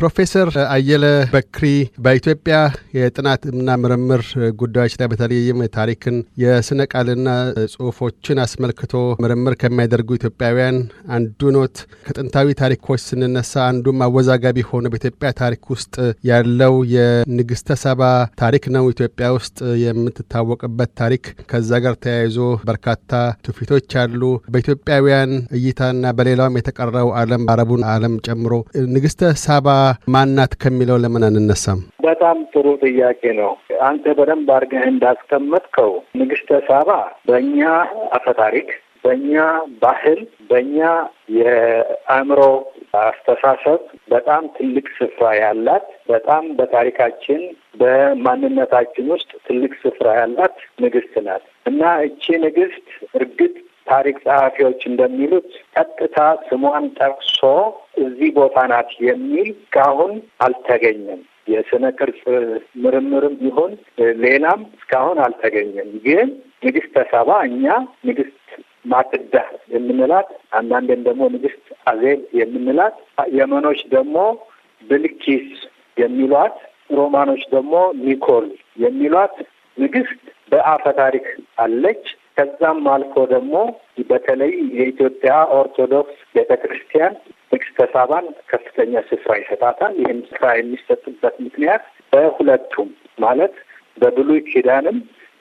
ፕሮፌሰር አየለ በክሪ በኢትዮጵያ የጥናትና ምርምር ጉዳዮች ላይ በተለይም ታሪክን፣ የስነ ቃልና ጽሁፎችን አስመልክቶ ምርምር ከሚያደርጉ ኢትዮጵያውያን አንዱ ኖት። ከጥንታዊ ታሪኮች ስንነሳ አንዱም አወዛጋቢ ሆነ በኢትዮጵያ ታሪክ ውስጥ ያለው የንግስተ ሰባ ታሪክ ነው። ኢትዮጵያ ውስጥ የምትታወቅበት ታሪክ፣ ከዛ ጋር ተያይዞ በርካታ ትውፊቶች አሉ። በኢትዮጵያውያን እይታና በሌላውም የተቀረው ዓለም አረቡን ዓለም ጨምሮ ንግስተ ሳባ ማናት ከሚለው ለምን አንነሳም? በጣም ጥሩ ጥያቄ ነው። አንተ በደንብ አድርገህ እንዳስቀመጥከው ንግስተ ሳባ በእኛ አፈታሪክ፣ በእኛ ባህል፣ በእኛ የአእምሮ አስተሳሰብ በጣም ትልቅ ስፍራ ያላት በጣም በታሪካችን በማንነታችን ውስጥ ትልቅ ስፍራ ያላት ንግስት ናት እና እቺ ንግስት እርግጥ ታሪክ ጸሐፊዎች እንደሚሉት ቀጥታ ስሟን ጠቅሶ እዚህ ቦታ ናት የሚል እስካሁን አልተገኘም። የስነ ቅርጽ ምርምርም ይሁን ሌላም እስካሁን አልተገኘም። ግን ንግስተ ሰባ እኛ ንግስት ማጥዳ የምንላት አንዳንዴም ደግሞ ንግስት አዜብ የምንላት የመኖች ደግሞ ብልኪስ የሚሏት ሮማኖች ደግሞ ኒኮል የሚሏት ንግስት በአፈ ታሪክ አለች። ከዛም አልፎ ደግሞ በተለይ የኢትዮጵያ ኦርቶዶክስ ቤተ ክርስቲያን ንግሥተ ሳባን ከፍተኛ ስፍራ ይሰጣታል። ይህም ስፍራ የሚሰጥበት ምክንያት በሁለቱም ማለት በብሉይ ኪዳንም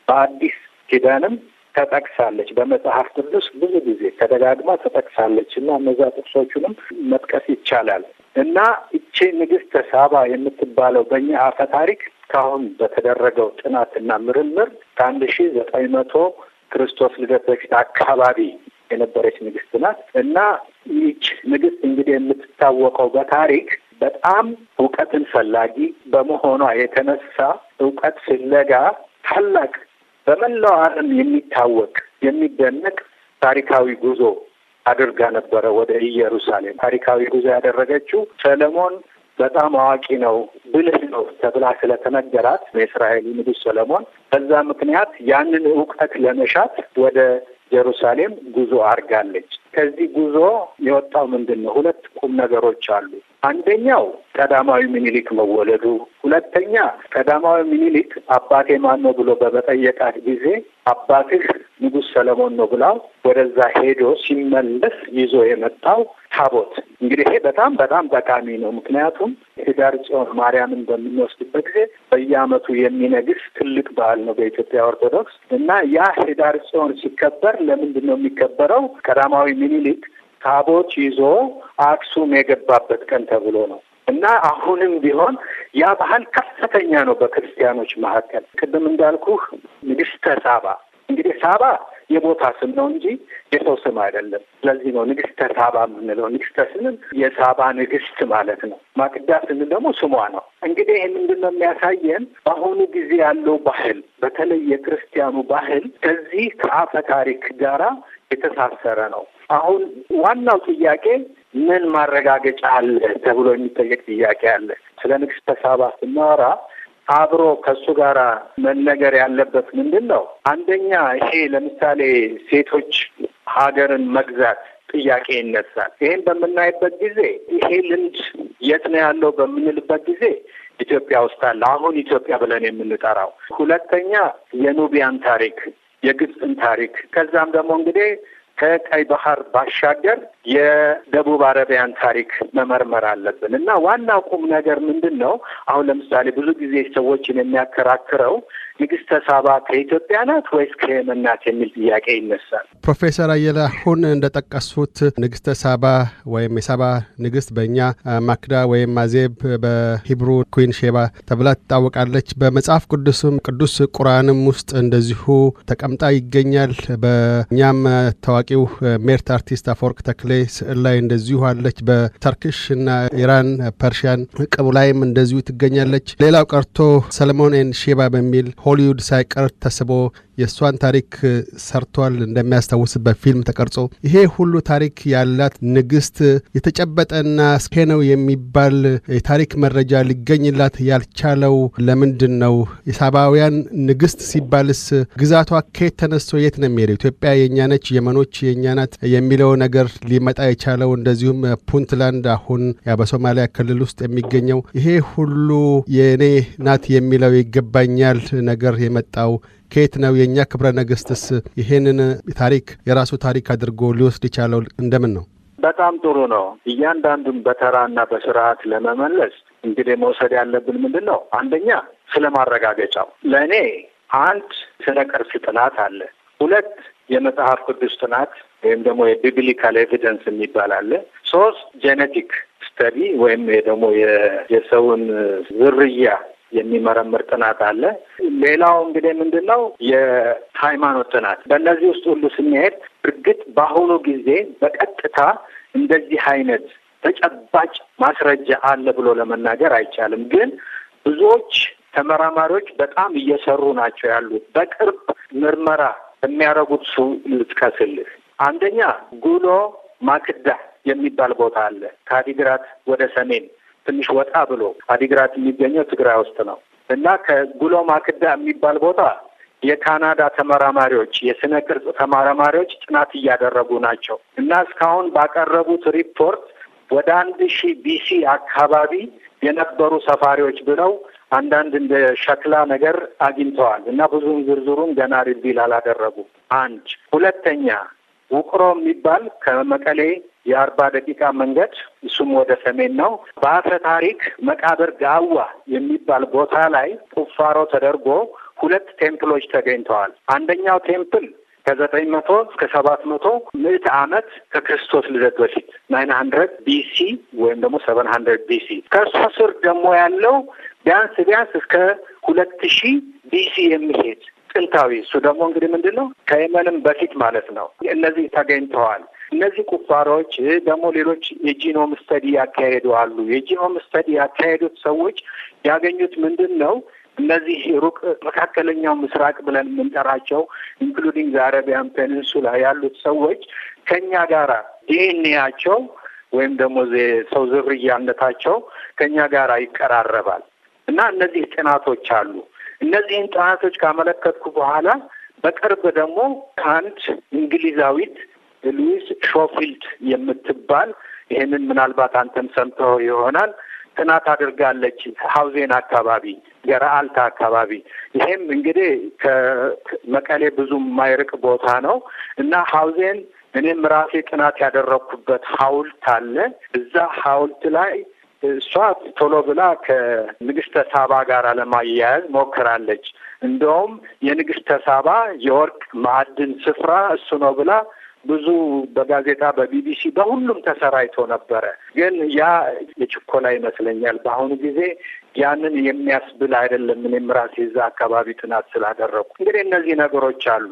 በአዲስ ኪዳንም ተጠቅሳለች። በመጽሐፍ ቅዱስ ብዙ ጊዜ ተደጋግማ ተጠቅሳለች እና እነዛ ጥቅሶቹንም መጥቀስ ይቻላል እና እቺ ንግሥተ ሳባ የምትባለው በእኛ አፈ ታሪክ እስካሁን በተደረገው ጥናትና ምርምር ከአንድ ሺ ዘጠኝ መቶ ክርስቶስ ልደት በፊት አካባቢ የነበረች ንግስት ናት እና ይች ንግስት እንግዲህ የምትታወቀው በታሪክ በጣም እውቀትን ፈላጊ በመሆኗ የተነሳ እውቀት ፍለጋ ታላቅ በመላው ዓለም የሚታወቅ የሚደነቅ ታሪካዊ ጉዞ አድርጋ ነበረ ወደ ኢየሩሳሌም። ታሪካዊ ጉዞ ያደረገችው ሰለሞን በጣም አዋቂ ነው፣ ብልህ ነው ተብላ ስለተነገራት የእስራኤል ንጉሥ ሰለሞን በዛ ምክንያት ያንን እውቀት ለመሻት ወደ ኢየሩሳሌም ጉዞ አድርጋለች። ከዚህ ጉዞ የወጣው ምንድን ነው? ሁለት ቁም ነገሮች አሉ። አንደኛው ቀዳማዊ ምኒልክ መወለዱ፣ ሁለተኛ ቀዳማዊ ምኒልክ አባቴ ማን ነው ብሎ በመጠየቃት ጊዜ አባትህ ንጉሥ ሰለሞን ነው ብላ ወደዛ ሄዶ ሲመለስ ይዞ የመጣው ታቦት እንግዲህ ይሄ በጣም በጣም ጠቃሚ ነው። ምክንያቱም ህዳር ጽዮን ማርያምን በምንወስድበት ጊዜ በየዓመቱ የሚነግስ ትልቅ በዓል ነው በኢትዮጵያ ኦርቶዶክስ እና ያ ህዳር ጽዮን ሲከበር ለምንድን ነው የሚከበረው? ቀዳማዊ ምኒልክ ታቦት ይዞ አክሱም የገባበት ቀን ተብሎ ነው እና አሁንም ቢሆን ያ ባህል ከፍተኛ ነው በክርስቲያኖች መካከል። ቅድም እንዳልኩህ ንግስተ ሳባ እንግዲህ ሳባ የቦታ ስም ነው እንጂ የሰው ስም አይደለም። ስለዚህ ነው ንግስተ ሳባ የምንለው። ንግስተ ስንል የሳባ ንግስት ማለት ነው። ማቅዳ ስንል ደግሞ ስሟ ነው። እንግዲህ ይህ ምንድን ነው የሚያሳየን? በአሁኑ ጊዜ ያለው ባህል በተለይ የክርስቲያኑ ባህል ከዚህ ከአፈ ታሪክ ጋራ የተሳሰረ ነው። አሁን ዋናው ጥያቄ ምን ማረጋገጫ አለ ተብሎ የሚጠየቅ ጥያቄ አለ። ስለ ንግስተ ሳባ ስናወራ አብሮ ከእሱ ጋር መነገር ያለበት ምንድን ነው? አንደኛ ይሄ ለምሳሌ ሴቶች ሀገርን መግዛት ጥያቄ ይነሳል። ይሄን በምናይበት ጊዜ ይሄ ልምድ የት ነው ያለው በምንልበት ጊዜ ኢትዮጵያ ውስጥ አለ፣ አሁን ኢትዮጵያ ብለን የምንጠራው። ሁለተኛ የኑቢያን ታሪክ፣ የግብፅን ታሪክ ከዛም ደግሞ እንግዲህ ከቀይ ባህር ባሻገር የደቡብ አረቢያን ታሪክ መመርመር አለብን እና ዋና ቁም ነገር ምንድን ነው? አሁን ለምሳሌ ብዙ ጊዜ ሰዎችን የሚያከራክረው ንግስተ ሳባ ከኢትዮጵያ ናት ወይስ ከየመን ናት የሚል ጥያቄ ይነሳል። ፕሮፌሰር አየለ አሁን እንደጠቀሱት ንግስተ ሳባ ወይም የሳባ ንግስት በእኛ ማክዳ ወይም ማዜብ በሂብሩ ኩዊን ሼባ ተብላ ትታወቃለች። በመጽሐፍ ቅዱስም ቅዱስ ቁርአንም ውስጥ እንደዚሁ ተቀምጣ ይገኛል። በእኛም ታዋቂው ሜርት አርቲስት አፈወርቅ ተክሌ ጉዳይ ስዕል ላይ እንደዚሁ አለች። በተርኪሽ እና ኢራን ፐርሺያን ቅቡ ላይም እንደዚሁ ትገኛለች። ሌላው ቀርቶ ሰለሞን ኤን ሼባ በሚል ሆሊውድ ሳይቀር ተስቦ የእሷን ታሪክ ሰርቷል። እንደሚያስታውስ በፊልም ተቀርጾ ይሄ ሁሉ ታሪክ ያላት ንግስት የተጨበጠና እስኬ ነው የሚባል የታሪክ መረጃ ሊገኝላት ያልቻለው ለምንድን ነው? የሳባውያን ንግስት ሲባልስ ግዛቷ ከየት ተነስቶ የት ነው የሚሄደው? ኢትዮጵያ የእኛ ነች፣ የመኖች የእኛ ናት የሚለው ነገር ሊ ሊመጣ የቻለው እንደዚሁም ፑንትላንድ አሁን በሶማሊያ ክልል ውስጥ የሚገኘው ይሄ ሁሉ የእኔ ናት የሚለው ይገባኛል ነገር የመጣው ከየት ነው? የእኛ ክብረ ነገስትስ ይሄንን ታሪክ የራሱ ታሪክ አድርጎ ሊወስድ የቻለው እንደምን ነው? በጣም ጥሩ ነው። እያንዳንዱን በተራና በስርዓት ለመመለስ እንግዲህ መውሰድ ያለብን ምንድን ነው? አንደኛ ስለ ማረጋገጫው ለእኔ አንድ ስነ ቅርስ ጥናት አለ። ሁለት የመጽሐፍ ቅዱስ ጥናት ወይም ደግሞ የቢብሊካል ኤቪደንስ የሚባል አለ። ሶስት ጄኔቲክ ስተዲ ወይም ደግሞ የሰውን ዝርያ የሚመረምር ጥናት አለ። ሌላው እንግዲህ ምንድን ነው የሃይማኖት ጥናት። በእነዚህ ውስጥ ሁሉ ስንሄድ እርግጥ በአሁኑ ጊዜ በቀጥታ እንደዚህ አይነት ተጨባጭ ማስረጃ አለ ብሎ ለመናገር አይቻልም። ግን ብዙዎች ተመራማሪዎች በጣም እየሰሩ ናቸው ያሉት። በቅርብ ምርመራ የሚያደርጉት ሱ ልጥቀስልህ አንደኛ ጉሎ ማክዳ የሚባል ቦታ አለ። ከአዲግራት ወደ ሰሜን ትንሽ ወጣ ብሎ አዲግራት የሚገኘው ትግራይ ውስጥ ነው እና ከጉሎ ማክዳ የሚባል ቦታ የካናዳ ተመራማሪዎች የስነ ቅርጽ ተመራማሪዎች ጥናት እያደረጉ ናቸው እና እስካሁን ባቀረቡት ሪፖርት ወደ አንድ ሺህ ቢሲ አካባቢ የነበሩ ሰፋሪዎች ብለው አንዳንድ እንደ ሸክላ ነገር አግኝተዋል እና ብዙም ዝርዝሩን ገና ሪቪል አላደረጉ። አንድ ሁለተኛ ውቅሮ የሚባል ከመቀሌ የአርባ ደቂቃ መንገድ እሱም ወደ ሰሜን ነው። በአፈ ታሪክ መቃብር ጋዋ የሚባል ቦታ ላይ ቁፋሮ ተደርጎ ሁለት ቴምፕሎች ተገኝተዋል። አንደኛው ቴምፕል ከዘጠኝ መቶ እስከ ሰባት መቶ ምዕት ዓመት ከክርስቶስ ልደት በፊት ናይን ሀንድረድ ቢሲ ወይም ደግሞ ሰቨን ሀንድረድ ቢሲ ከእሱ ስር ደግሞ ያለው ቢያንስ ቢያንስ እስከ ሁለት ሺህ ቢሲ የሚሄድ ጥንታዊ እሱ ደግሞ እንግዲህ ምንድን ነው ከየመንም በፊት ማለት ነው እነዚህ ተገኝተዋል። እነዚህ ቁፋሮዎች ደግሞ ሌሎች የጂኖም ስተዲ ያካሄዱ አሉ። የጂኖም ስተዲ ያካሄዱት ሰዎች ያገኙት ምንድን ነው? እነዚህ ሩቅ መካከለኛው ምስራቅ ብለን የምንጠራቸው ኢንክሉዲንግ ዘአረቢያን አረቢያን ፔኒንሱላ ያሉት ሰዎች ከእኛ ጋራ ዲኤንኤያቸው ወይም ደግሞ ሰው ዝርያነታቸው ከእኛ ጋራ ይቀራረባል እና እነዚህ ጥናቶች አሉ። እነዚህን ጥናቶች ካመለከትኩ በኋላ በቅርብ ደግሞ አንድ እንግሊዛዊት ሉዊስ ሾፊልድ የምትባል ይህንን ምናልባት አንተም ሰምተው ይሆናል ጥናት አድርጋለች ሀውዜን አካባቢ ገረአልታ አካባቢ። ይሄም እንግዲህ ከመቀሌ ብዙ የማይርቅ ቦታ ነው እና ሀውዜን እኔም ራሴ ጥናት ያደረግኩበት ሀውልት አለ። እዛ ሀውልት ላይ እሷ ቶሎ ብላ ከንግስተ ሳባ ጋር ለማያያዝ ሞክራለች። እንደውም የንግስተ ሳባ የወርቅ ማዕድን ስፍራ እሱ ነው ብላ ብዙ በጋዜጣ በቢቢሲ በሁሉም ተሰራይቶ ነበረ። ግን ያ የችኮላ ይመስለኛል። በአሁኑ ጊዜ ያንን የሚያስብል አይደለም። እኔም ራሴ እዛ አካባቢ ጥናት ስላደረኩ እንግዲህ እነዚህ ነገሮች አሉ።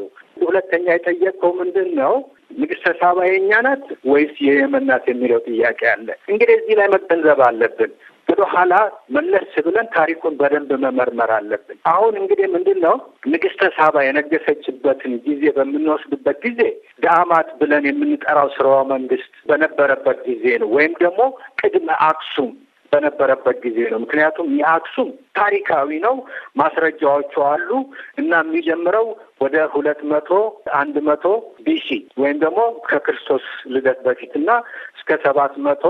ሁለተኛ የጠየቀው ምንድን ነው ንግስተ ሳባ የእኛ ናት ወይስ የየመን ናት የሚለው ጥያቄ አለ። እንግዲህ እዚህ ላይ መገንዘብ አለብን ወደ ኋላ መለስ ብለን ታሪኩን በደንብ መመርመር አለብን። አሁን እንግዲህ ምንድን ነው ንግስተ ሳባ የነገሰችበትን ጊዜ በምንወስድበት ጊዜ ዳማት ብለን የምንጠራው ስርወ መንግስት በነበረበት ጊዜ ነው ወይም ደግሞ ቅድመ አክሱም በነበረበት ጊዜ ነው። ምክንያቱም የአክሱም ታሪካዊ ነው፣ ማስረጃዎቹ አሉ እና የሚጀምረው ወደ ሁለት መቶ አንድ መቶ ቢሲ ወይም ደግሞ ከክርስቶስ ልደት በፊት እና እስከ ሰባት መቶ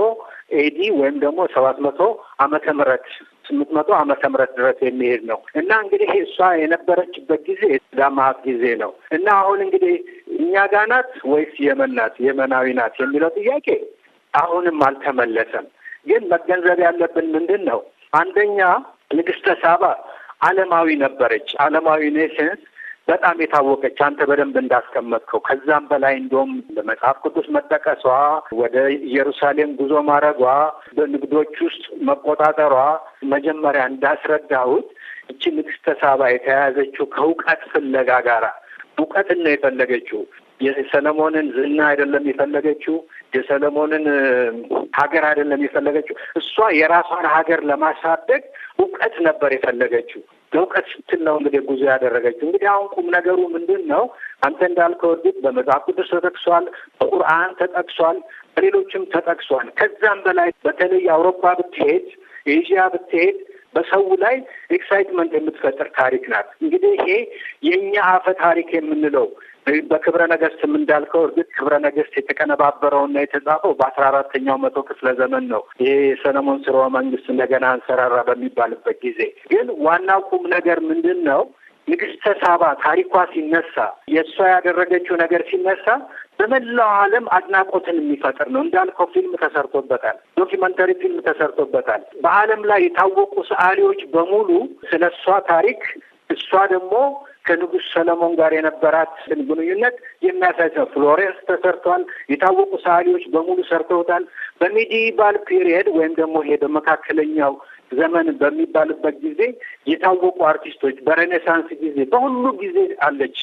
ኤዲ ወይም ደግሞ ሰባት መቶ አመተ ምህረት ስምንት መቶ አመተ ምህረት ድረስ የሚሄድ ነው እና እንግዲህ እሷ የነበረችበት ጊዜ የዳማት ጊዜ ነው እና አሁን እንግዲህ እኛ ጋር ናት ወይስ የመን ናት የመናዊ ናት የሚለው ጥያቄ አሁንም አልተመለሰም። ግን መገንዘብ ያለብን ምንድን ነው? አንደኛ ንግስተ ሳባ አለማዊ ነበረች። አለማዊ ኔሽንስ በጣም የታወቀች አንተ በደንብ እንዳስቀመጥከው ከዛም በላይ እንደውም በመጽሐፍ ቅዱስ መጠቀሷ፣ ወደ ኢየሩሳሌም ጉዞ ማድረጓ፣ በንግዶች ውስጥ መቆጣጠሯ መጀመሪያ እንዳስረዳሁት እቺ ንግስተ ሳባ የተያያዘችው ከእውቀት ፍለጋ ጋራ እውቀትን ነው የፈለገችው። የሰለሞንን ዝና አይደለም የፈለገችው የሰለሞንን ሀገር አይደለም የፈለገችው። እሷ የራሷን ሀገር ለማሳደግ እውቀት ነበር የፈለገችው። ለእውቀት ስትል ነው እንግዲህ ጉዞ ያደረገችው። እንግዲህ አሁን ቁም ነገሩ ምንድን ነው? አንተ እንዳልከው እርግጥ በመጽሐፍ ቅዱስ ተጠቅሷል፣ በቁርአን ተጠቅሷል፣ በሌሎችም ተጠቅሷል። ከዛም በላይ በተለይ አውሮፓ ብትሄድ፣ ኤዥያ ብትሄድ በሰው ላይ ኤክሳይትመንት የምትፈጥር ታሪክ ናት። እንግዲህ ይሄ የእኛ አፈ ታሪክ የምንለው በክብረ ነገስትም እንዳልከው እርግጥ ክብረ ነገስት የተቀነባበረውና የተጻፈው በአስራ አራተኛው መቶ ክፍለ ዘመን ነው። ይሄ የሰለሞን ስርወ መንግስት እንደገና አንሰራራ በሚባልበት ጊዜ ግን ዋናው ቁም ነገር ምንድን ነው? ንግስተ ሳባ ታሪኳ ሲነሳ የእሷ ያደረገችው ነገር ሲነሳ በመላው ዓለም አድናቆትን የሚፈጥር ነው። እንዳልከው ፊልም ተሰርቶበታል፣ ዶኪመንተሪ ፊልም ተሰርቶበታል። በዓለም ላይ የታወቁ ሰዓሊዎች በሙሉ ስለ እሷ ታሪክ እሷ ደግሞ ከንጉሥ ሰለሞን ጋር የነበራትን ግንኙነት የሚያሳይ ነው። ፍሎሬንስ ተሰርቷል። የታወቁ ሰዓሊዎች በሙሉ ሰርተውታል። በሜዲቫል ፒሪየድ ወይም ደግሞ ይሄ በመካከለኛው ዘመን በሚባልበት ጊዜ የታወቁ አርቲስቶች በሬኔሳንስ ጊዜ በሁሉ ጊዜ አለች።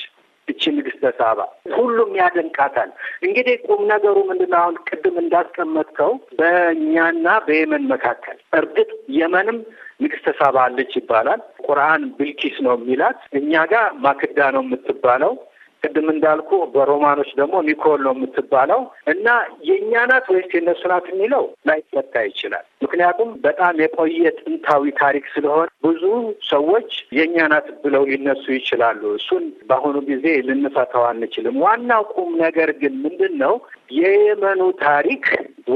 እቺ ንግስተ ሳባ ሁሉም ያደንቃታል። እንግዲህ ቁም ነገሩ ምንድን ነው? አሁን ቅድም እንዳስቀመጥከው በእኛና በየመን መካከል እርግጥ የመንም ንግስተ ሳባ አለች ይባላል። ቁርአን ብልኪስ ነው የሚላት። እኛ ጋር ማክዳ ነው የምትባለው። ቅድም እንዳልኩ በሮማኖች ደግሞ ኒኮል ነው የምትባለው እና የእኛ ናት ወይስ የእነሱ ናት የሚለው ላይፈታ ይችላል። ምክንያቱም በጣም የቆየ ጥንታዊ ታሪክ ስለሆነ ብዙ ሰዎች የእኛ ናት ብለው ሊነሱ ይችላሉ። እሱን በአሁኑ ጊዜ ልንፈታው አንችልም። ዋናው ቁም ነገር ግን ምንድን ነው የየመኑ ታሪክ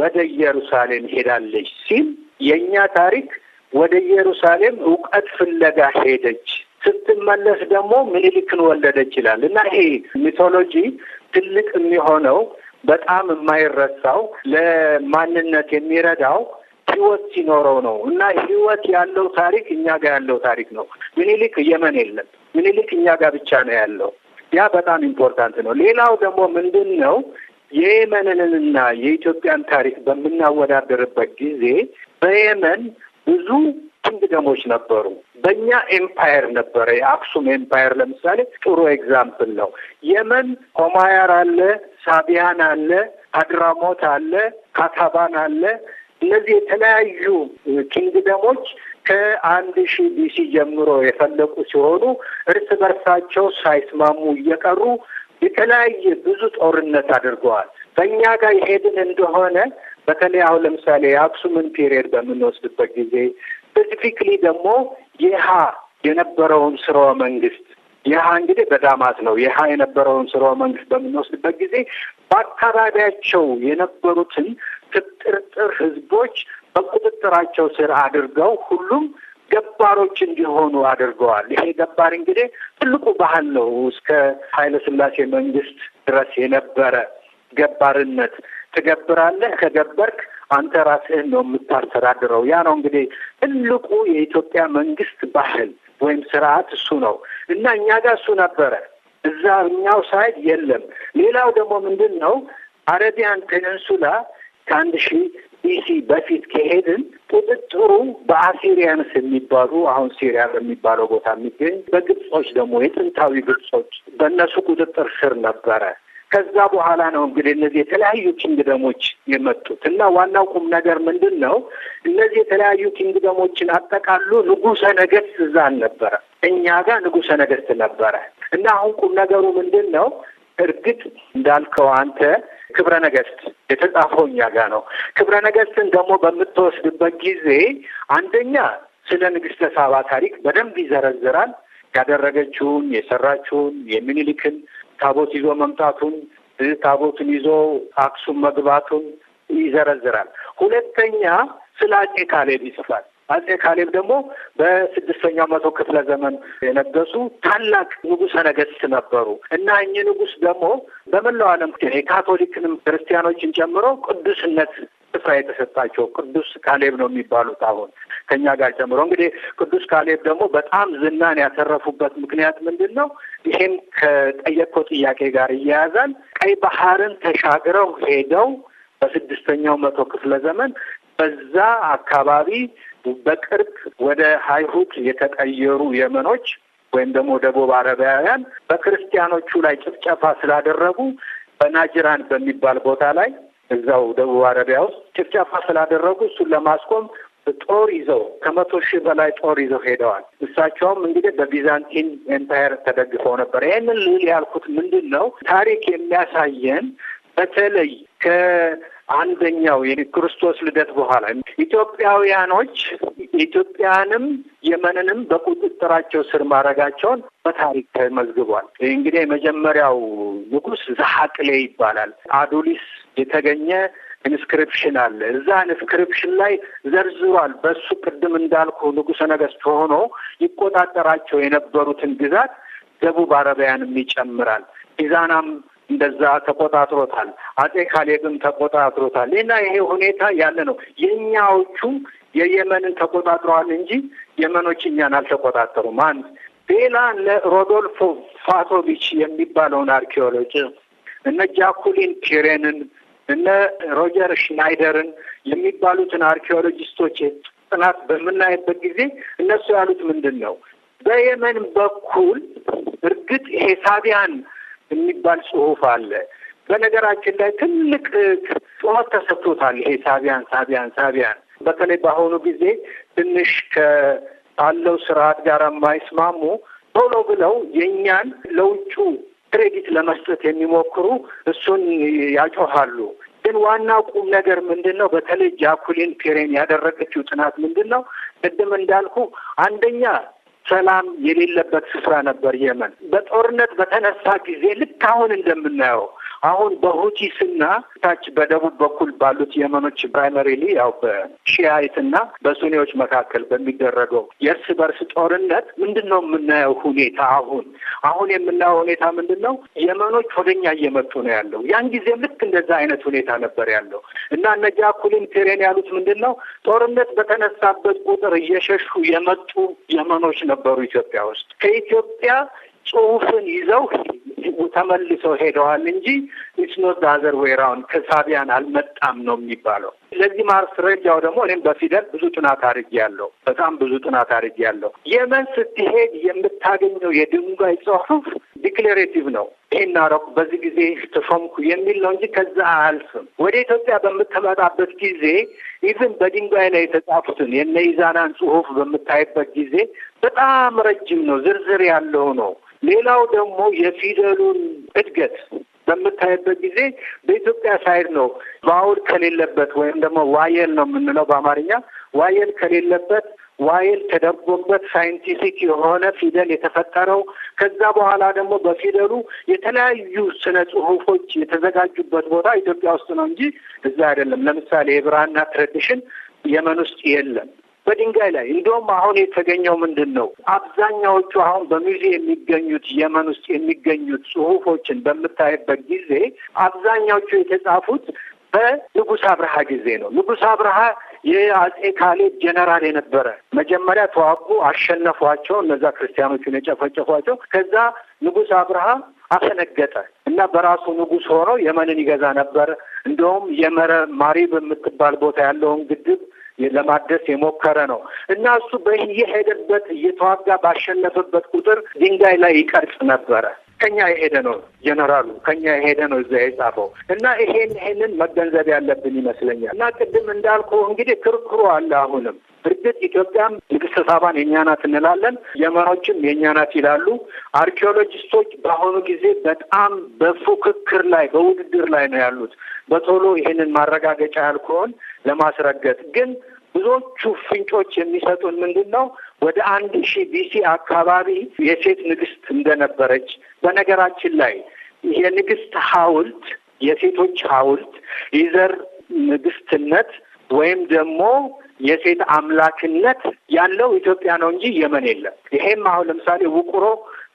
ወደ ኢየሩሳሌም ሄዳለች ሲል የእኛ ታሪክ ወደ ኢየሩሳሌም እውቀት ፍለጋ ሄደች፣ ስትመለስ ደግሞ ምኒልክን ወለደች ይላል እና ይሄ ሚቶሎጂ ትልቅ የሚሆነው በጣም የማይረሳው ለማንነት የሚረዳው ህይወት ሲኖረው ነው እና ህይወት ያለው ታሪክ እኛ ጋር ያለው ታሪክ ነው። ምኒልክ የመን የለም። ምኒልክ እኛ ጋር ብቻ ነው ያለው። ያ በጣም ኢምፖርታንት ነው። ሌላው ደግሞ ምንድን ነው የየመንንና የኢትዮጵያን ታሪክ በምናወዳደርበት ጊዜ በየመን ብዙ ኪንግደሞች ነበሩ። በእኛ ኤምፓየር ነበረ። የአክሱም ኤምፓየር ለምሳሌ ጥሩ ኤግዛምፕል ነው። የመን ሆማያር አለ፣ ሳቢያን አለ፣ አድራሞት አለ፣ ካታባን አለ። እነዚህ የተለያዩ ኪንግደሞች ከአንድ ሺ ቢሲ ጀምሮ የፈለቁ ሲሆኑ እርስ በርሳቸው ሳይስማሙ እየቀሩ የተለያየ ብዙ ጦርነት አድርገዋል። በእኛ ጋር የሄድን እንደሆነ በተለይ አሁን ለምሳሌ የአክሱምን ፒሪየድ በምንወስድበት ጊዜ ስፔሲፊክሊ ደግሞ የሃ የነበረውን ስርወ መንግስት የሃ እንግዲህ በዳማት ነው። የሃ የነበረውን ስርወ መንግስት በምንወስድበት ጊዜ በአካባቢያቸው የነበሩትን ትጥርጥር ህዝቦች በቁጥጥራቸው ስር አድርገው ሁሉም ገባሮች እንዲሆኑ አድርገዋል። ይሄ ገባር እንግዲህ ትልቁ ባህል ነው። እስከ ኃይለ መንግስት ድረስ የነበረ ገባርነት ትገብራለህ። ከገበርክ አንተ ራስህን ነው የምታስተዳድረው። ያ ነው እንግዲህ ትልቁ የኢትዮጵያ መንግስት ባህል ወይም ስርዓት እሱ ነው እና እኛ ጋር እሱ ነበረ፣ እኛው ሳይድ የለም። ሌላው ደግሞ ምንድን ነው አረቢያን ፔኒንሱላ ከአንድ ሺ ቢሲ በፊት ከሄድን ቁጥጥሩ በአሲሪያንስ የሚባሉ አሁን ሲሪያ በሚባለው ቦታ የሚገኝ በግብጾች ደግሞ የጥንታዊ ግብጾች በእነሱ ቁጥጥር ስር ነበረ። ከዛ በኋላ ነው እንግዲህ እነዚህ የተለያዩ ኪንግደሞች የመጡት እና ዋናው ቁም ነገር ምንድን ነው? እነዚህ የተለያዩ ኪንግደሞችን አጠቃሉ ንጉሰ ነገስት እዛ አልነበረ፣ እኛ ጋር ንጉሰ ነገስት ነበረ። እና አሁን ቁም ነገሩ ምንድን ነው? እርግጥ እንዳልከው አንተ ክብረ ነገስት የተጻፈው እኛ ጋር ነው። ክብረ ነገስትን ደግሞ በምትወስድበት ጊዜ አንደኛ ስለ ንግስተ ሳባ ታሪክ በደንብ ይዘረዝራል። ያደረገችውን፣ የሰራችውን፣ የሚኒሊክን ታቦት ይዞ መምጣቱን፣ ታቦቱን ይዞ አክሱም መግባቱን ይዘረዝራል። ሁለተኛ ስለ አጼ ካሌብ ይጽፋል። አጼ ካሌብ ደግሞ በስድስተኛው መቶ ክፍለ ዘመን የነገሱ ታላቅ ንጉሠ ነገሥት ነበሩ እና እኚህ ንጉሥ ደግሞ በመላው ዓለም የካቶሊክንም ክርስቲያኖችን ጨምሮ ቅዱስነት ስፍራ የተሰጣቸው ቅዱስ ካሌብ ነው የሚባሉት አሁን ከኛ ጋር ጨምሮ እንግዲህ ቅዱስ ካሌብ ደግሞ በጣም ዝናን ያተረፉበት ምክንያት ምንድን ነው? ይህም ከጠየቅከው ጥያቄ ጋር እያያዛል። ቀይ ባህርን ተሻግረው ሄደው በስድስተኛው መቶ ክፍለ ዘመን በዛ አካባቢ በቅርብ ወደ አይሁድ የተቀየሩ የመኖች ወይም ደግሞ ደቡብ አረቢያውያን በክርስቲያኖቹ ላይ ጭፍጨፋ ስላደረጉ በናጅራን በሚባል ቦታ ላይ እዛው ደቡብ አረቢያ ውስጥ ጭፍጨፋ ስላደረጉ እሱን ለማስቆም ጦር ይዘው ከመቶ ሺህ በላይ ጦር ይዘው ሄደዋል። እሳቸውም እንግዲህ በቢዛንቲን ኤምፓየር ተደግፈው ነበር። ይህንን ልል ያልኩት ምንድን ነው ታሪክ የሚያሳየን በተለይ ከአንደኛው ክርስቶስ ልደት በኋላ ኢትዮጵያውያኖች ኢትዮጵያንም የመንንም በቁጥጥራቸው ስር ማድረጋቸውን በታሪክ ተመዝግቧል። እንግዲህ የመጀመሪያው ንጉስ ዘሐቅሌ ይባላል። አዱሊስ የተገኘ ኢንስክሪፕሽን አለ። እዛ ኢንስክሪፕሽን ላይ ዘርዝሯል። በሱ ቅድም እንዳልኩ ንጉሠ ነገሥት ሆኖ ይቆጣጠራቸው የነበሩትን ግዛት ደቡብ አረቢያንም ይጨምራል። ኢዛናም እንደዛ ተቆጣጥሮታል። አጼ ካሌብም ተቆጣጥሮታል። እና ይሄ ሁኔታ ያለ ነው። የእኛዎቹ የየመንን ተቆጣጥረዋል እንጂ የመኖች እኛን አልተቆጣጠሩም። አንድ ሌላ ለሮዶልፎ ፋቶቪች የሚባለውን አርኪኦሎጂ እነ ጃኩሊን ፒሬንን እነ ሮጀር ሽናይደርን የሚባሉትን አርኪኦሎጂስቶች ጥናት በምናይበት ጊዜ እነሱ ያሉት ምንድን ነው? በየመን በኩል እርግጥ ሄሳቢያን የሚባል ጽሁፍ አለ። በነገራችን ላይ ትልቅ ጽሁፍ ተሰጥቶታል። ሄሳቢያን ሳቢያን ሳቢያን በተለይ በአሁኑ ጊዜ ትንሽ ከአለው ስርዓት ጋር የማይስማሙ ቶሎ ብለው የእኛን ለውጩ ክሬዲት ለመስጠት የሚሞክሩ እሱን ያጮሃሉ። ግን ዋና ቁም ነገር ምንድን ነው? በተለይ ጃኩሊን ፔሬን ያደረገችው ጥናት ምንድን ነው? ቅድም እንዳልኩ አንደኛ ሰላም የሌለበት ስፍራ ነበር የመን። በጦርነት በተነሳ ጊዜ ልክ አሁን እንደምናየው አሁን በሁቲስና ታች በደቡብ በኩል ባሉት የመኖች ፕራይመሪሊ ያው በሺያይትና በሱኒዎች መካከል በሚደረገው የእርስ በርስ ጦርነት ምንድን ነው የምናየው ሁኔታ? አሁን አሁን የምናየው ሁኔታ ምንድን ነው? የመኖች ወደኛ እየመጡ ነው ያለው። ያን ጊዜ ልክ እንደዛ አይነት ሁኔታ ነበር ያለው እና እነ ጃኩሊን ቴሬን ያሉት ምንድን ነው ጦርነት በተነሳበት ቁጥር እየሸሹ የመጡ የመኖች ነበሩ ኢትዮጵያ ውስጥ ከኢትዮጵያ ጽሁፍን ይዘው ተመልሰው ሄደዋል እንጂ ኢትስ ኖት ዳዘር ዌይ ራውንድ ከሳቢያን አልመጣም ነው የሚባለው። ለዚህ ማስረጃው ደግሞ እኔም በፊደል ብዙ ጥናት አድርጌያለሁ፣ በጣም ብዙ ጥናት አድርጌያለሁ። የመን ስትሄድ የምታገኘው የድንጋይ ጽሑፍ ዲክሌሬቲቭ ነው። ይህን አረኩ፣ በዚህ ጊዜ ተሾምኩ የሚል ነው እንጂ ከዛ አያልፍም። ወደ ኢትዮጵያ በምትመጣበት ጊዜ ኢቭን በድንጋይ ላይ የተጻፉትን የነ ኢዛናን ጽሑፍ በምታይበት ጊዜ በጣም ረጅም ነው፣ ዝርዝር ያለው ነው። ሌላው ደግሞ የፊደሉን እድገት በምታይበት ጊዜ በኢትዮጵያ ሳይድ ነው ባውል ከሌለበት ወይም ደግሞ ዋየል ነው የምንለው በአማርኛ ዋየል ከሌለበት ዋይል ተደርጎበት ሳይንቲፊክ የሆነ ፊደል የተፈጠረው ከዛ በኋላ ደግሞ በፊደሉ የተለያዩ ስነ ጽሁፎች የተዘጋጁበት ቦታ ኢትዮጵያ ውስጥ ነው እንጂ እዛ አይደለም። ለምሳሌ የብራና ትሬዲሽን የመን ውስጥ የለም። በድንጋይ ላይ እንዲሁም አሁን የተገኘው ምንድን ነው? አብዛኛዎቹ አሁን በሙዚየም የሚገኙት የመን ውስጥ የሚገኙት ጽሁፎችን በምታይበት ጊዜ አብዛኛዎቹ የተጻፉት በንጉሥ አብርሃ ጊዜ ነው። ንጉሥ አብርሃ የአጼ ካሌብ ጀነራል የነበረ መጀመሪያ ተዋጉ፣ አሸነፏቸው፣ እነዛ ክርስቲያኖቹን የጨፈጨፏቸው። ከዛ ንጉሥ አብርሃ አፈነገጠ እና በራሱ ንጉሥ ሆኖ የመንን ይገዛ ነበር። እንደውም የመረ ማሪብ የምትባል ቦታ ያለውን ግድብ ለማደስ የሞከረ ነው እና እሱ በየሄደበት እየተዋጋ ባሸነፈበት ቁጥር ድንጋይ ላይ ይቀርጽ ነበረ። ከኛ የሄደ ነው ጀነራሉ፣ ከኛ የሄደ ነው እዛ የጻፈው እና ይሄን ይሄንን መገንዘብ ያለብን ይመስለኛል። እና ቅድም እንዳልኩ እንግዲህ ክርክሩ አለ አሁንም እርግጥ ኢትዮጵያም ንግስተ ሳባን የእኛ ናት እንላለን፣ የመኖችም የእኛ ናት ይላሉ። አርኪኦሎጂስቶች በአሁኑ ጊዜ በጣም በፉክክር ላይ በውድድር ላይ ነው ያሉት። በቶሎ ይህንን ማረጋገጫ ያልኩሆን ለማስረገጥ ግን ብዙዎቹ ፍንጮች የሚሰጡን ምንድን ነው? ወደ አንድ ሺህ ቢሲ አካባቢ የሴት ንግስት እንደነበረች በነገራችን ላይ የንግስት ሐውልት የሴቶች ሐውልት የዘር ንግስትነት ወይም ደግሞ የሴት አምላክነት ያለው ኢትዮጵያ ነው እንጂ የመን የለም። ይሄም አሁን ለምሳሌ ውቁሮ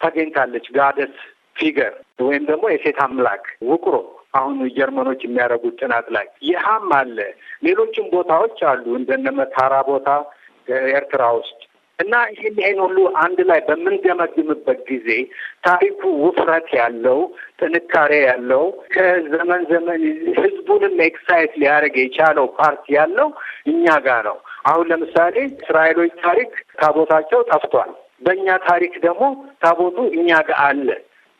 ተገኝታለች ጋደስ ፊገር ወይም ደግሞ የሴት አምላክ ውቁሮ አሁን ጀርመኖች የሚያደርጉት ጥናት ላይ ይሀም አለ። ሌሎችም ቦታዎች አሉ እንደነ መታራ ቦታ ኤርትራ ውስጥ እና ይህን ይህን ሁሉ አንድ ላይ በምንገመግምበት ጊዜ ታሪኩ ውፍረት ያለው ጥንካሬ ያለው ከዘመን ዘመን ህዝቡንም ኤክሳይት ሊያደርግ የቻለው ፓርቲ ያለው እኛ ጋር ነው። አሁን ለምሳሌ እስራኤሎች ታሪክ ታቦታቸው ጠፍቷል። በእኛ ታሪክ ደግሞ ታቦቱ እኛ ጋር አለ።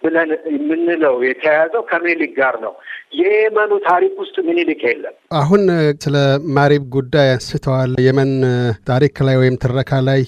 ብለን የምንለው የተያያዘው ከምኒልክ ጋር ነው። የየመኑ ታሪክ ውስጥ ምኒልክ የለም። አሁን ስለ ማሪብ ጉዳይ አንስተዋል። የመን ታሪክ ላይ ወይም ትረካ ላይ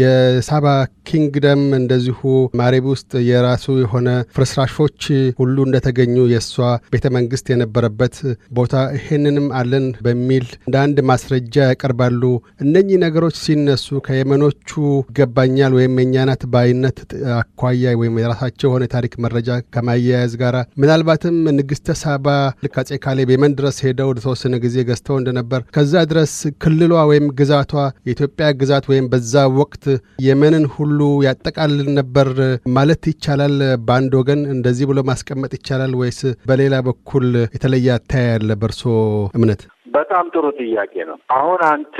የሳባ ኪንግደም እንደዚሁ ማሪብ ውስጥ የራሱ የሆነ ፍርስራሾች ሁሉ እንደተገኙ የእሷ ቤተ መንግስት የነበረበት ቦታ ይሄንንም አለን በሚል እንደ አንድ ማስረጃ ያቀርባሉ። እነኚህ ነገሮች ሲነሱ ከየመኖቹ ይገባኛል ወይም የእኛ ባይነት አኳያ ወይም የራሳቸው የሆነ ታሪክ መረጃ ከማያያዝ ጋር ምናልባትም ንግስተ ሳባ ልክ አጼ ካሌብ የመን ድረስ ሄደው ለተወሰነ ጊዜ ገዝተው እንደነበር ከዛ ድረስ ክልሏ ወይም ግዛቷ የኢትዮጵያ ግዛት ወይም በዛ ወቅት የመንን ሁሉ ያጠቃልል ነበር ማለት ይቻላል? በአንድ ወገን እንደዚህ ብሎ ማስቀመጥ ይቻላል ወይስ በሌላ በኩል የተለየ አተያይ ያለ በእርሶ እምነት? በጣም ጥሩ ጥያቄ ነው። አሁን አንተ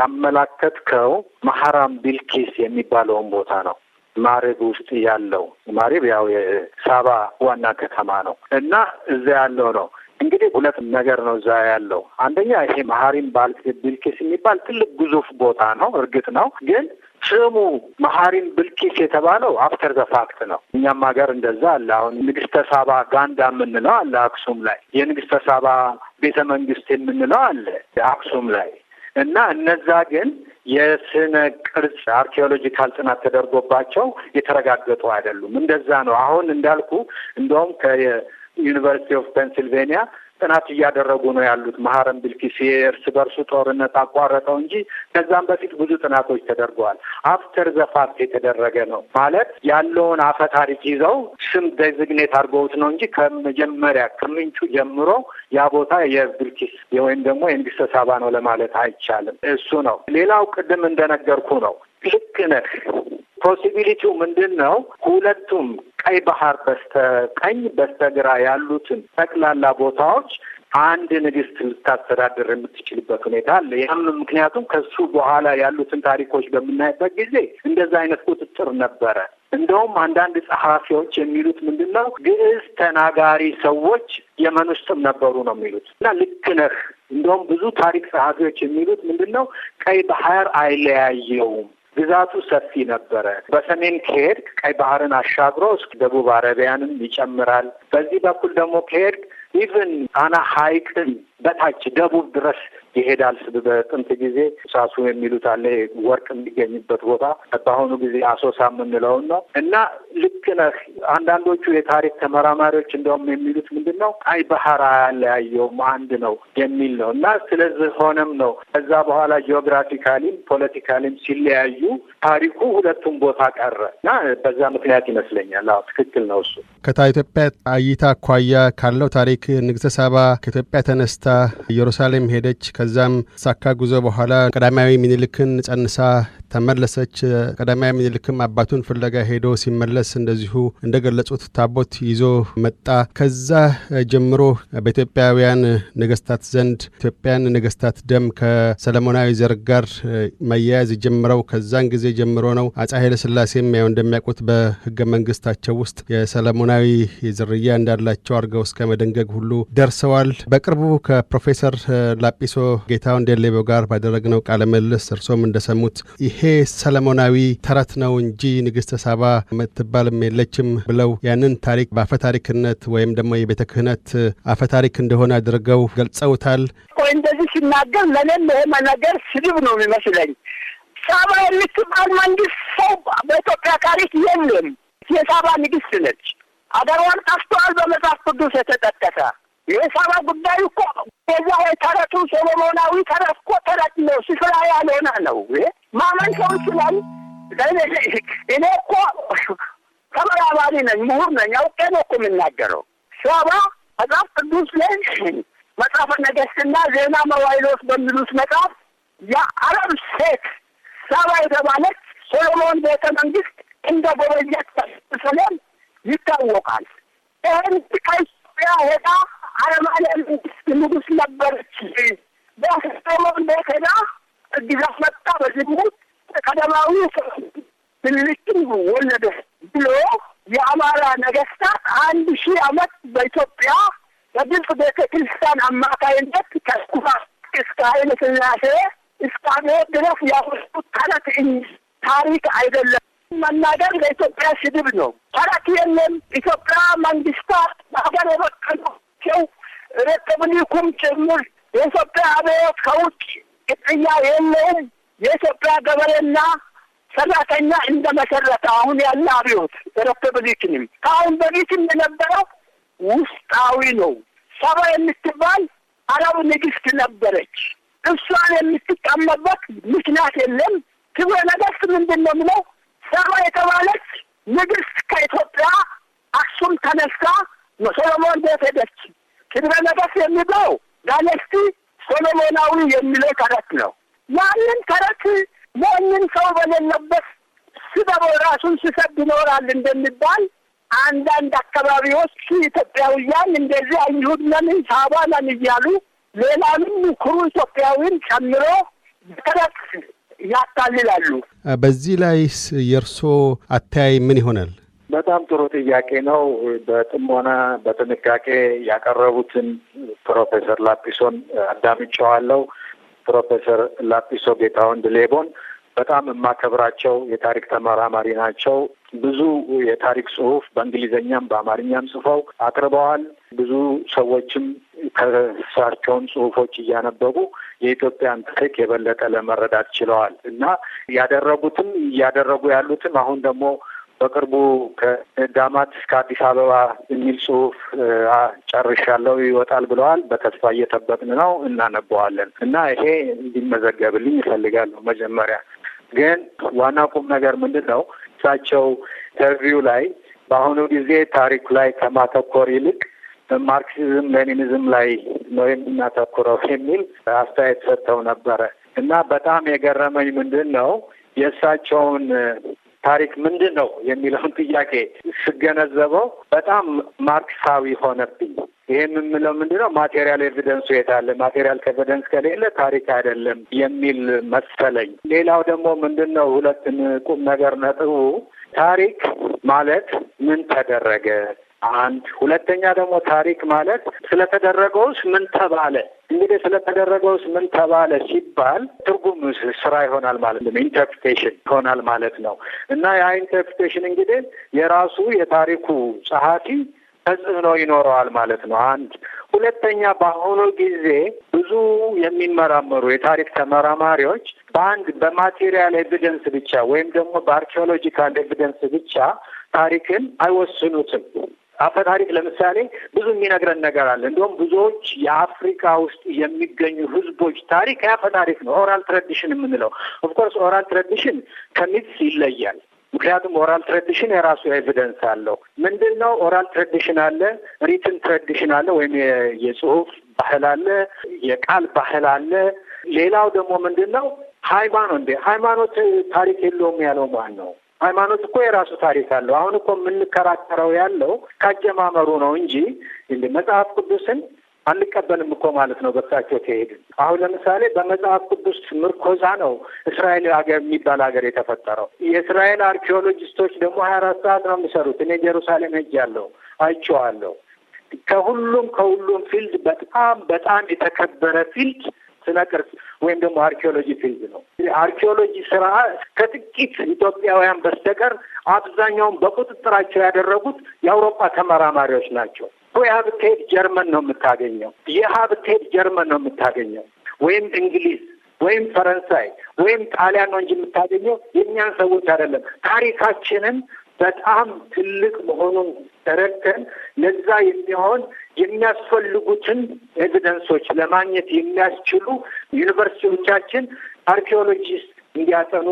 ያመላከትከው መሐራም ቢልኪስ የሚባለውን ቦታ ነው ማሬብ ውስጥ ያለው ማሬብ ያው የሳባ ዋና ከተማ ነው እና እዛ ያለው ነው። እንግዲህ ሁለት ነገር ነው እዛ ያለው። አንደኛ ይሄ መሀሪም ባልቢልኪስ የሚባል ትልቅ ግዙፍ ቦታ ነው። እርግጥ ነው ግን ስሙ መሀሪም ብልኪስ የተባለው አፍተር ዘ ፋክት ነው። እኛም ሀገር እንደዛ አለ። አሁን ንግስተ ሳባ ጋንዳ የምንለው አለ አክሱም ላይ፣ የንግስተ ሳባ ቤተ መንግስት የምንለው አለ አክሱም ላይ እና እነዛ ግን የስነ ቅርጽ አርኪኦሎጂካል ጥናት ተደርጎባቸው የተረጋገጡ አይደሉም። እንደዛ ነው። አሁን እንዳልኩ እንደውም ዩኒቨርሲቲ ኦፍ ፔንሲልቬኒያ ጥናት እያደረጉ ነው ያሉት። መሀረም ቢልኪስ የእርስ በርሱ ጦርነት አቋረጠው እንጂ ከዛም በፊት ብዙ ጥናቶች ተደርገዋል። አፍተር ዘፋት የተደረገ ነው ማለት ያለውን አፈ ታሪክ ይዘው ስም ዴዚግኔት አድርገውት ነው እንጂ ከመጀመሪያ ከምንጩ ጀምሮ ያ ቦታ የቢልኪስ ወይም ደግሞ የንግስተ ሳባ ነው ለማለት አይቻልም። እሱ ነው። ሌላው ቅድም እንደነገርኩ ነው። ልክ ነህ ፖሲቢሊቲው ምንድን ነው? ሁለቱም ቀይ ባህር በስተቀኝ በስተግራ ያሉትን ጠቅላላ ቦታዎች አንድ ንግስት ልታስተዳደር የምትችልበት ሁኔታ አለ። ያም ምክንያቱም ከሱ በኋላ ያሉትን ታሪኮች በምናይበት ጊዜ እንደዛ አይነት ቁጥጥር ነበረ። እንደውም አንዳንድ ጸሐፊዎች የሚሉት ምንድን ነው ግዕዝ ተናጋሪ ሰዎች የመን ውስጥም ነበሩ ነው የሚሉት እና ልክ ነህ። እንደውም ብዙ ታሪክ ጸሐፊዎች የሚሉት ምንድን ነው ቀይ ባህር አይለያየውም ግዛቱ ሰፊ ነበረ። በሰሜን ከሄድክ ቀይ ባህርን አሻግሮ እስከ ደቡብ አረቢያንም ይጨምራል። በዚህ በኩል ደግሞ ከሄድክ ኢቨን ጣና ሐይቅን በታች ደቡብ ድረስ ይሄዳል። በጥንት ጊዜ ሳሱ የሚሉት አለ ወርቅ የሚገኝበት ቦታ በአሁኑ ጊዜ አሶሳ የምንለውን ነው እና ልክ ነህ። አንዳንዶቹ የታሪክ ተመራማሪዎች እንደውም የሚሉት ምንድን ነው አይ ባህር አያለያየውም አንድ ነው የሚል ነው እና ስለዚህ ሆነም ነው ከዛ በኋላ ጂኦግራፊካሊም ፖለቲካሊም ሲለያዩ ታሪኩ ሁለቱም ቦታ ቀረ እና በዛ ምክንያት ይመስለኛል። አዎ ትክክል ነው። እሱ ከኢትዮጵያ እይታ አኳያ ካለው ታሪክ ንግሥተ ሳባ ከኢትዮጵያ ተነስተ ኢየሩሳሌም ሄደች። ከዛም ሳካ ጉዞ በኋላ ቀዳማዊ ሚኒልክን ጸንሳ ተመለሰች። ቀዳማዊ ምኒልክም አባቱን ፍለጋ ሄዶ ሲመለስ እንደዚሁ እንደገለጹት ታቦት ይዞ መጣ። ከዛ ጀምሮ በኢትዮጵያውያን ነገስታት ዘንድ ኢትዮጵያን ነገስታት ደም ከሰለሞናዊ ዘር ጋር መያያዝ ጀምረው ከዛን ጊዜ ጀምሮ ነው። አፄ ኃይለ ስላሴም ያው እንደሚያውቁት በህገ መንግስታቸው ውስጥ የሰለሞናዊ ዝርያ እንዳላቸው አድርገው እስከ መደንገግ ሁሉ ደርሰዋል። በቅርቡ ከፕሮፌሰር ላጲሶ ጌታሁን ዴሌቦ ጋር ባደረግነው ቃለ ምልልስ እርሶም እንደሰሙት ይሄ ሰለሞናዊ ተረት ነው እንጂ ንግሥተ ሳባ የምትባልም የለችም ብለው ያንን ታሪክ በአፈ ታሪክነት ወይም ደግሞ የቤተ ክህነት አፈ ታሪክ እንደሆነ አድርገው ገልጸውታል። ቆይ እንደዚህ ሲናገር ለእኔም ይሄ ነገር ስድብ ነው የሚመስለኝ። ሳባ የምትባል መንግስት ሰው በኢትዮጵያ ታሪክ የለም። የሳባ ንግስት ነች። አገሯን ጠፍተዋል። በመጽሐፍ ቅዱስ የተጠቀሰ የሳባ ጉዳይ እኮ የዛ ተረቱ ሰሎሞናዊ ተረት እኮ ተረት ነው፣ ስፍራ ያልሆነ ነው። ማመን ሰው ይችላል። እኔ እኮ ተመራማሪ ነኝ፣ ምሁር ነኝ። አውቄ ነው እኮ የምናገረው። ሰባ መጽሐፍ ቅዱስ ላይ መጽሐፈ ነገሥትና ዜና መዋዕሎት በሚሉት መጽሐፍ የአረብ ሴት ሰባ የተባለች ሶሎሞን ቤተ መንግስት እንደ ጎበኛት ሰለም ይታወቃል። ይህን ከኢትዮጵያ ሄዳ አረማንያ መንግስት ንጉስ ነበረች። በሶሎሞን ቤት ደግሞ ቀዳማዊ ምኒልክን ወለደ ብሎ የአማራ ነገስታት አንድ ሺህ ዓመት በኢትዮጵያ በግብጽ ቤተ ክርስቲያን አማካይነት ከኩፋ እስከ ኃይለ ሥላሴ እስከ አብሔር ድረስ ያወጡት ተረት እንጂ ታሪክ አይደለም። መናገር ለኢትዮጵያ ስድብ ነው። ተረት የለም። ኢትዮጵያ መንግስታት በሀገር የበቀሉቸው ሪፐብሊኩም ጭምር የኢትዮጵያ አብዮት ከውጭ ቅጥያ የለውም። የኢትዮጵያ ገበሬና ሰራተኛ እንደመሰረተ አሁን ያለ አብዮት ሪፐብሊክንም ከአሁን በፊትም የነበረው ውስጣዊ ነው። ሰባ የምትባል አረብ ንግስት ነበረች። እሷን የምትቀመበት ምክንያት የለም። ክብረ ነገስት ምንድን ነው ምለው ሰባ የተባለች ንግስት ከኢትዮጵያ አክሱም ተነሳ ሶሎሞን ቤት ሄደች። ክብረ ነገስት የሚለው ዳነስቲ ሶሎሞናዊ የሚለው ተረት ነው። ያንን ተረት ሞኝን ሰው በሌለበት ስበበው ራሱን ሲሰድ ይኖራል እንደሚባል አንዳንድ አካባቢዎች ኢትዮጵያውያን እንደዚህ አይሁድ ነን ሳባ ነን እያሉ ሌላንም ኩሩ ኢትዮጵያዊን ጨምሮ በተረት ያታልላሉ። በዚህ ላይስ የእርሶ አተያይ ምን ይሆናል? በጣም ጥሩ ጥያቄ ነው። በጥሞና በጥንቃቄ ያቀረቡትን ፕሮፌሰር ላፒሶን አዳምጨዋለሁ። ፕሮፌሰር ላጲሶ ጌታሁን ድሌቦን በጣም የማከብራቸው የታሪክ ተመራማሪ ናቸው። ብዙ የታሪክ ጽሁፍ በእንግሊዝኛም በአማርኛም ጽፈው አቅርበዋል። ብዙ ሰዎችም ከእሳቸውን ጽሁፎች እያነበቡ የኢትዮጵያን ታሪክ የበለጠ ለመረዳት ችለዋል እና ያደረጉትም እያደረጉ ያሉትም አሁን ደግሞ በቅርቡ ከዳማት እስከ አዲስ አበባ የሚል ጽሁፍ ጨርሻለሁ ይወጣል ብለዋል። በተስፋ እየጠበቅን ነው፣ እናነበዋለን እና ይሄ እንዲመዘገብልኝ ይፈልጋለሁ። መጀመሪያ ግን ዋና ቁም ነገር ምንድን ነው? እሳቸው ኢንተርቪው ላይ በአሁኑ ጊዜ ታሪኩ ላይ ከማተኮር ይልቅ ማርክሲዝም ሌኒኒዝም ላይ ነው የምናተኩረው የሚል አስተያየት ሰጥተው ነበረ እና በጣም የገረመኝ ምንድን ነው የእሳቸውን ታሪክ ምንድን ነው የሚለውን ጥያቄ ስገነዘበው በጣም ማርክሳዊ ሆነብኝ። ይህም የምለው ምንድን ነው ማቴሪያል ኤቪደንሱ የታለ ማቴሪያል ኤቪደንስ ከሌለ ታሪክ አይደለም የሚል መሰለኝ። ሌላው ደግሞ ምንድን ነው ሁለትን ቁም ነገር ነጥቡ ታሪክ ማለት ምን ተደረገ አንድ ሁለተኛ ደግሞ ታሪክ ማለት ስለተደረገውስ ምን ተባለ እንግዲህ ስለተደረገው ምን ተባለ ሲባል ትርጉም ስራ ይሆናል ማለት ነው። ኢንተርፕሬቴሽን ይሆናል ማለት ነው። እና ያ ኢንተርፕሬቴሽን እንግዲህ የራሱ የታሪኩ ጸሐፊ ተጽዕኖ ይኖረዋል ማለት ነው። አንድ ሁለተኛ፣ በአሁኑ ጊዜ ብዙ የሚመራመሩ የታሪክ ተመራማሪዎች በአንድ በማቴሪያል ኤቪደንስ ብቻ ወይም ደግሞ በአርኪኦሎጂካል ኤቪደንስ ብቻ ታሪክን አይወስኑትም። አፈ ታሪክ ለምሳሌ ብዙ የሚነግረን ነገር አለ። እንዲሁም ብዙዎች የአፍሪካ ውስጥ የሚገኙ ህዝቦች ታሪክ የአፈ ታሪክ ነው፣ ኦራል ትራዲሽን የምንለው። ኦፍኮርስ ኦራል ትራዲሽን ከሚትስ ይለያል። ምክንያቱም ኦራል ትራዲሽን የራሱ ኤቪደንስ አለው። ምንድን ነው ኦራል ትራዲሽን አለ፣ ሪትን ትራዲሽን አለ፣ ወይም የጽሁፍ ባህል አለ፣ የቃል ባህል አለ። ሌላው ደግሞ ምንድን ነው ሃይማኖት እንዴ ሃይማኖት ታሪክ የለውም ያለው ማን ነው? ሃይማኖት እኮ የራሱ ታሪክ አለው። አሁን እኮ የምንከራከረው ያለው ካጀማመሩ ነው እንጂ መጽሐፍ ቅዱስን አንቀበልም እኮ ማለት ነው። በሳቸው ከሄድ አሁን ለምሳሌ በመጽሐፍ ቅዱስ ምርኮዛ ነው እስራኤል ሀገር የሚባል ሀገር የተፈጠረው። የእስራኤል አርኪኦሎጂስቶች ደግሞ ሀያ አራት ሰዓት ነው የሚሰሩት። እኔ ጀሩሳሌም ሄጃለሁ፣ አይቼዋለሁ። ከሁሉም ከሁሉም ፊልድ በጣም በጣም የተከበረ ፊልድ ስነ ቅርጽ ወይም ደግሞ አርኪኦሎጂ ፊልድ ነው። አርኪኦሎጂ ስራ ከጥቂት ኢትዮጵያውያን በስተቀር አብዛኛውን በቁጥጥራቸው ያደረጉት የአውሮፓ ተመራማሪዎች ናቸው። የሀብቴድ ጀርመን ነው የምታገኘው። የሀብቴድ ጀርመን ነው የምታገኘው ወይም እንግሊዝ ወይም ፈረንሳይ ወይም ጣሊያን ነው እንጂ የምታገኘው የእኛን ሰዎች አይደለም። ታሪካችንን በጣም ትልቅ መሆኑን ተረድተን ለዛ የሚሆን የሚያስፈልጉትን ኤቪደንሶች ለማግኘት የሚያስችሉ ዩኒቨርሲቲዎቻችን አርኪኦሎጂስት እንዲያጠኑ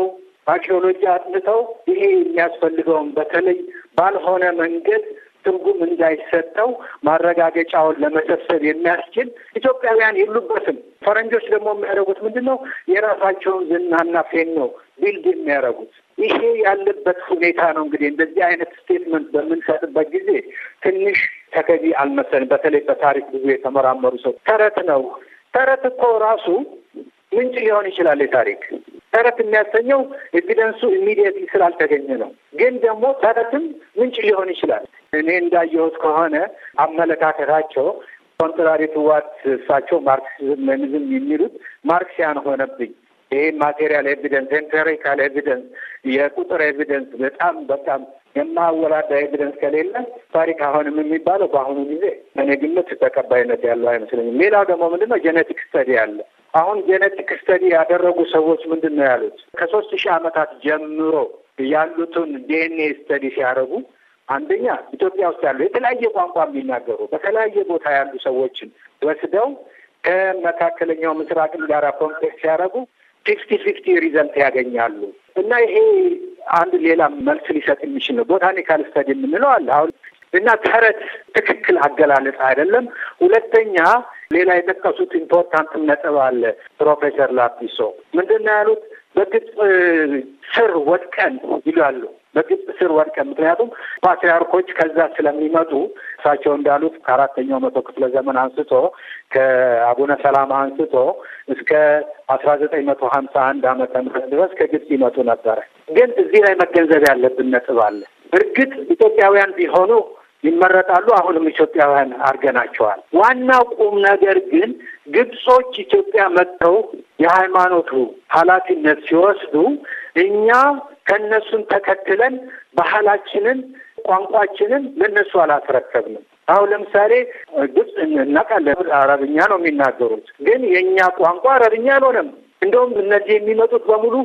አርኪኦሎጂ አጥንተው ይሄ የሚያስፈልገውን በተለይ ባልሆነ መንገድ ትርጉም እንዳይሰጠው ማረጋገጫውን ለመሰብሰብ የሚያስችል ኢትዮጵያውያን የሉበትም። ፈረንጆች ደግሞ የሚያደርጉት ምንድን ነው? የራሳቸውን ዝናና ፌን ነው ቢልድ የሚያደርጉት። ይሄ ያለበት ሁኔታ ነው። እንግዲህ እንደዚህ አይነት ስቴትመንት በምንሰጥበት ጊዜ ትንሽ ተገቢ አልመሰልም። በተለይ በታሪክ ብዙ የተመራመሩ ሰው ተረት ነው። ተረት እኮ ራሱ ምንጭ ሊሆን ይችላል የታሪክ ተረት የሚያሰኘው ኤቪደንሱ ኢሚዲየትሊ ስላልተገኘ ነው። ግን ደግሞ ተረትም ምንጭ ሊሆን ይችላል። እኔ እንዳየሁት ከሆነ አመለካከታቸው ኮንትራሪ ትዋት እሳቸው ማርክሲዝም የሚሉት ማርክሲያን ሆነብኝ። ይህ ማቴሪያል ኤቪደንስ፣ ኤምፔሪካል ኤቪደንስ፣ የቁጥር ኤቪደንስ በጣም በጣም የማወራዳ ኤቪደንስ ከሌለ ታሪክ አሁንም የሚባለው በአሁኑ ጊዜ እኔ ግምት ተቀባይነት ያለው አይመስለኝም። ሌላው ደግሞ ምንድነው ጄኔቲክ ስተዲ አለ። አሁን ጄኔቲክ ስተዲ ያደረጉ ሰዎች ምንድን ነው ያሉት? ከሶስት ሺህ ዓመታት ጀምሮ ያሉትን ዲኤንኤ ስተዲ ሲያደርጉ አንደኛ ኢትዮጵያ ውስጥ ያሉ የተለያየ ቋንቋ የሚናገሩ በተለያየ ቦታ ያሉ ሰዎችን ወስደው ከመካከለኛው ምስራቅም ጋር ኮምፔር ሲያደርጉ ፊፍቲ ፊፍቲ ሪዘልት ያገኛሉ እና ይሄ አንድ ሌላ መልስ ሊሰጥ የሚችል ነው። ቦታኒካል ስተዲ የምንለው አለ አሁን እና ተረት ትክክል አገላለጽ አይደለም። ሁለተኛ ሌላ የጠቀሱት ኢምፖርታንት ነጥብ አለ። ፕሮፌሰር ላፒሶ ምንድን ነው ያሉት? በግብፅ ስር ወድቀን ይላሉ። በግብጽ ስር ወድቀን ምክንያቱም ፓትሪያርኮች ከዛ ስለሚመጡ እሳቸው እንዳሉት ከአራተኛው መቶ ክፍለ ዘመን አንስቶ ከአቡነ ሰላማ አንስቶ እስከ አስራ ዘጠኝ መቶ ሀምሳ አንድ ዓመተ ምህረት ድረስ ከግብጽ ይመጡ ነበረ። ግን እዚህ ላይ መገንዘብ ያለብን ነጥብ አለ። እርግጥ ኢትዮጵያውያን ቢሆኑ ይመረጣሉ። አሁንም ኢትዮጵያውያን አድርገናቸዋል። ዋናው ቁም ነገር ግን ግብጾች ኢትዮጵያ መጥተው የሃይማኖቱ ኃላፊነት ሲወስዱ እኛ ከእነሱን ተከትለን ባህላችንን፣ ቋንቋችንን ለእነሱ አላስረከብንም። አሁን ለምሳሌ ግብፅ እናውቃለን፣ አረብኛ ነው የሚናገሩት። ግን የእኛ ቋንቋ አረብኛ አልሆነም። እንደውም እነዚህ የሚመጡት በሙሉ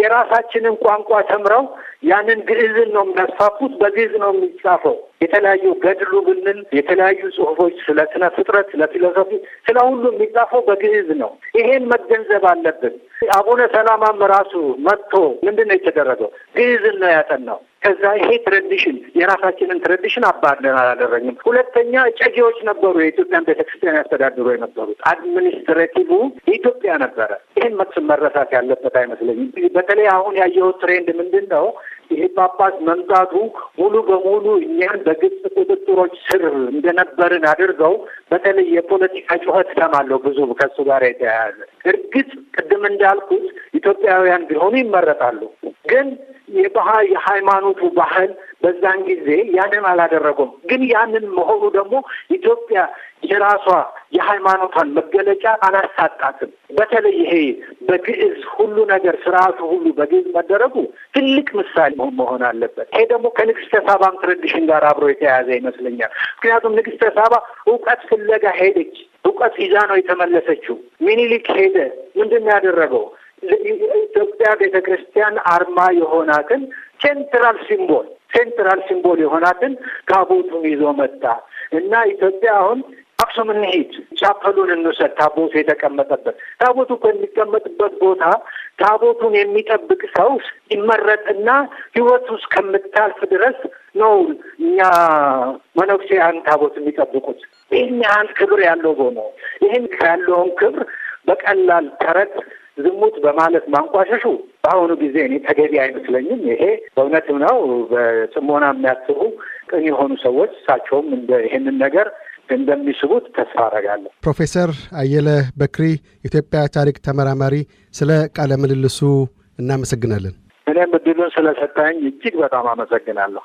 የራሳችንን ቋንቋ ተምረው ያንን ግዕዝን ነው የሚያስፋፉት። በግዕዝ ነው የሚጻፈው። የተለያዩ ገድሉ ብንል የተለያዩ ጽሁፎች ስለ ስነ ፍጥረት፣ ስለ ፊሎሶፊ፣ ስለ ሁሉ የሚጻፈው በግዕዝ ነው። ይሄን መገንዘብ አለብን። አቡነ ሰላማም ራሱ መጥቶ ምንድን ነው የተደረገው? ግዕዝን ነው ያጠናው። ከዛ ይሄ ትረዲሽን የራሳችንን ትረዲሽን አባድለን አላደረግንም። ሁለተኛ ጨጌዎች ነበሩ፣ የኢትዮጵያን ቤተክርስቲያን ያስተዳድሩ የነበሩት አድሚኒስትሬቲቭ ኢትዮጵያ ነበረ። ይህን መቅስም መረሳት ያለበት አይመስለኝም። በተለይ አሁን ያየሁት ትሬንድ ምንድን ነው? ይሄ ጳጳስ መምጣቱ ሙሉ በሙሉ እኛን በግብጽ ቁጥጥሮች ስር እንደነበርን አድርገው በተለይ የፖለቲካ ጩኸት ሰማለሁ ብዙ ከሱ ጋር የተያያዘ እርግጥ ቅድም እንዳልኩት ኢትዮጵያውያን ቢሆኑ ይመረጣሉ። ግን የባህ የሃይማኖቱ ባህል በዛን ጊዜ ያንን አላደረጉም። ግን ያንን መሆኑ ደግሞ ኢትዮጵያ የራሷ የሃይማኖቷን መገለጫ አላሳጣትም። በተለይ ይሄ በግዕዝ ሁሉ ነገር ስርዓቱ ሁሉ በግዕዝ መደረጉ ትልቅ ምሳሌ መሆን አለበት። ይሄ ደግሞ ከንግስተ ሳባም ትረዲሽን ጋር አብሮ የተያያዘ ይመስለኛል። ምክንያቱም ንግስተ ሳባ እውቀት ፍለጋ ሄደች። እውቀት ይዛ ነው የተመለሰችው። ሚኒሊክ ሄደ። ምንድን ነው ያደረገው? ኢትዮጵያ ቤተ ክርስቲያን አርማ የሆናትን ሴንትራል ሲምቦል ሴንትራል ሲምቦል የሆናትን ታቦቱን ይዞ መጣ እና ኢትዮጵያ አሁን አክሱም እንሂድ፣ ቻፐሉን እንውሰድ፣ ታቦቱ የተቀመጠበት። ታቦቱ ከሚቀመጥበት ቦታ ታቦቱን የሚጠብቅ ሰው ይመረጥና ሕይወቱ እስከምታልፍ ድረስ ነው እኛ መነኩሴያን ታቦት የሚጠብቁት። ይህን ያህል ክብር ያለው ሆኖ ይህን ያለውን ክብር በቀላል ተረት ዝሙት በማለት ማንቋሸሹ በአሁኑ ጊዜ እኔ ተገቢ አይመስለኝም። ይሄ በእውነትም ነው። በጽሞና የሚያስቡ ቅን የሆኑ ሰዎች እሳቸውም እንደ ይህንን ነገር እንደሚስቡት ተስፋ አረጋለሁ። ፕሮፌሰር አየለ በክሪ የኢትዮጵያ ታሪክ ተመራማሪ፣ ስለ ቃለ ምልልሱ እናመሰግናለን። እኔም እድሉን ስለሰጣኝ እጅግ በጣም አመሰግናለሁ።